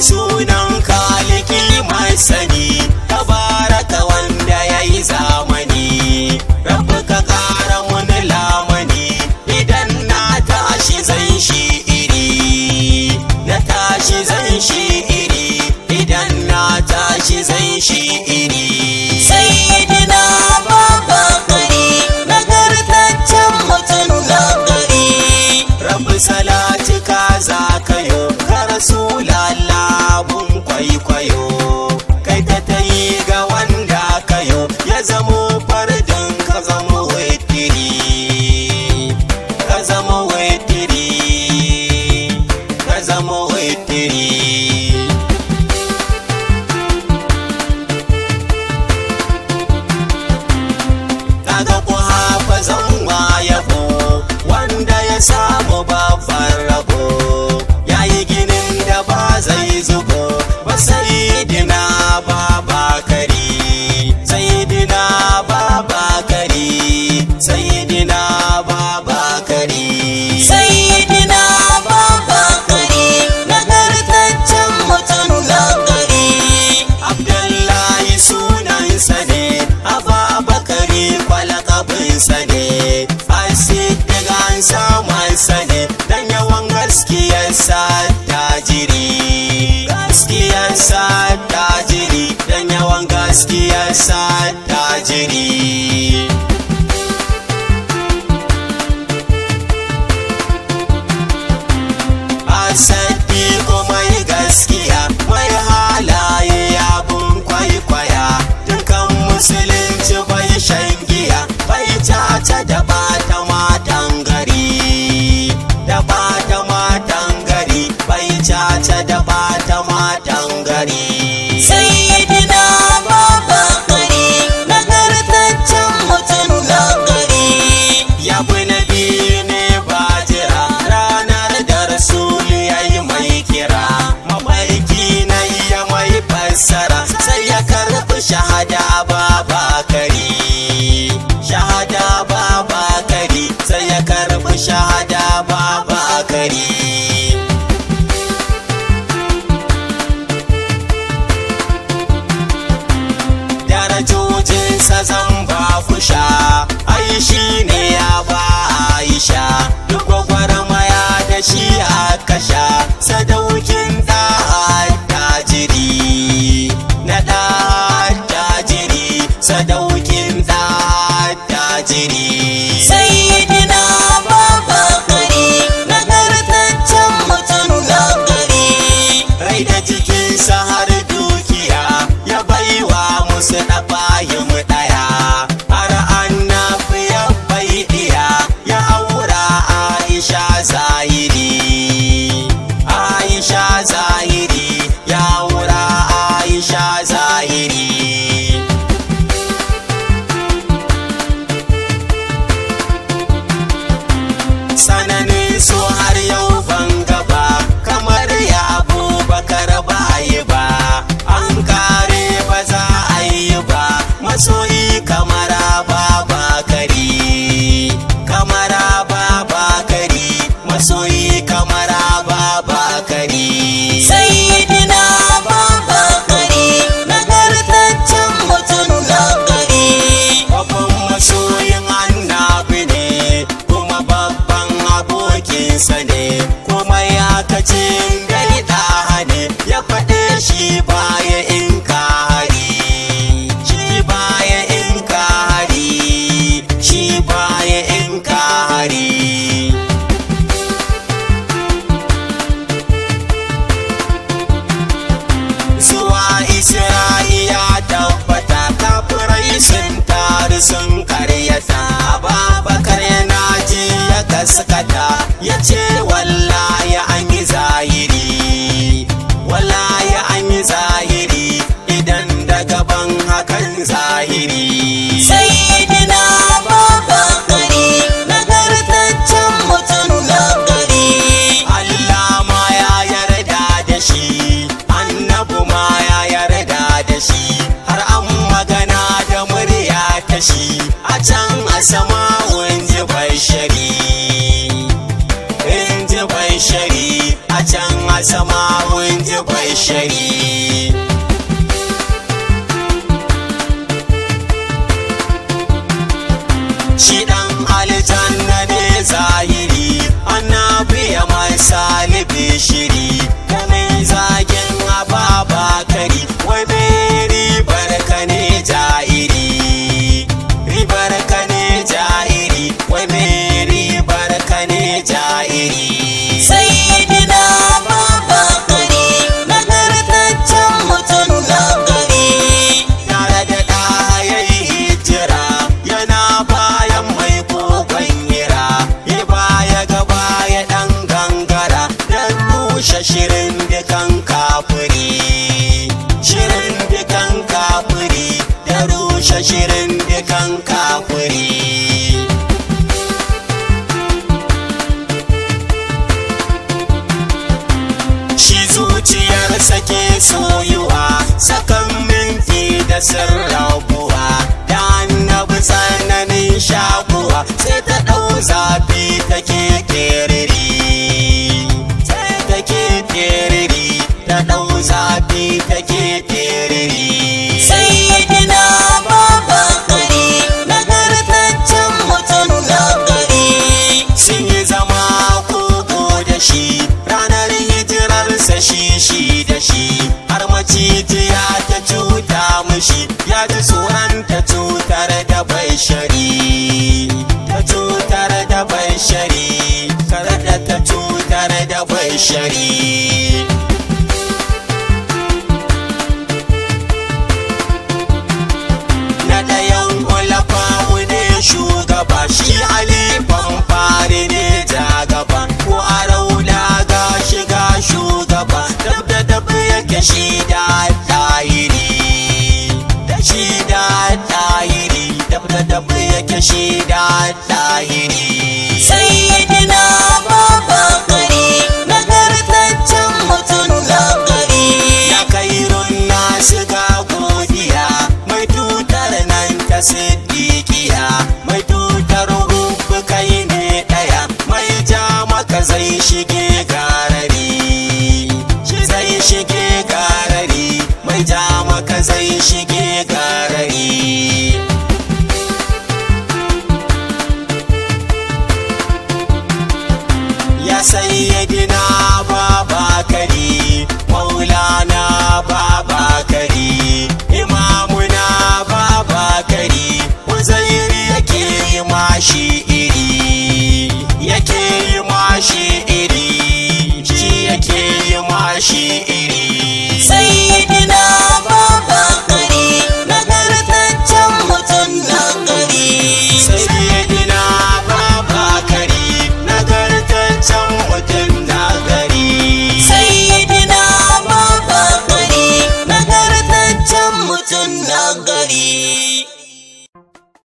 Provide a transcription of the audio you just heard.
sunan kaliki mai sani ga ku hafa waya ko wanda ya samu ba Shady. zai shige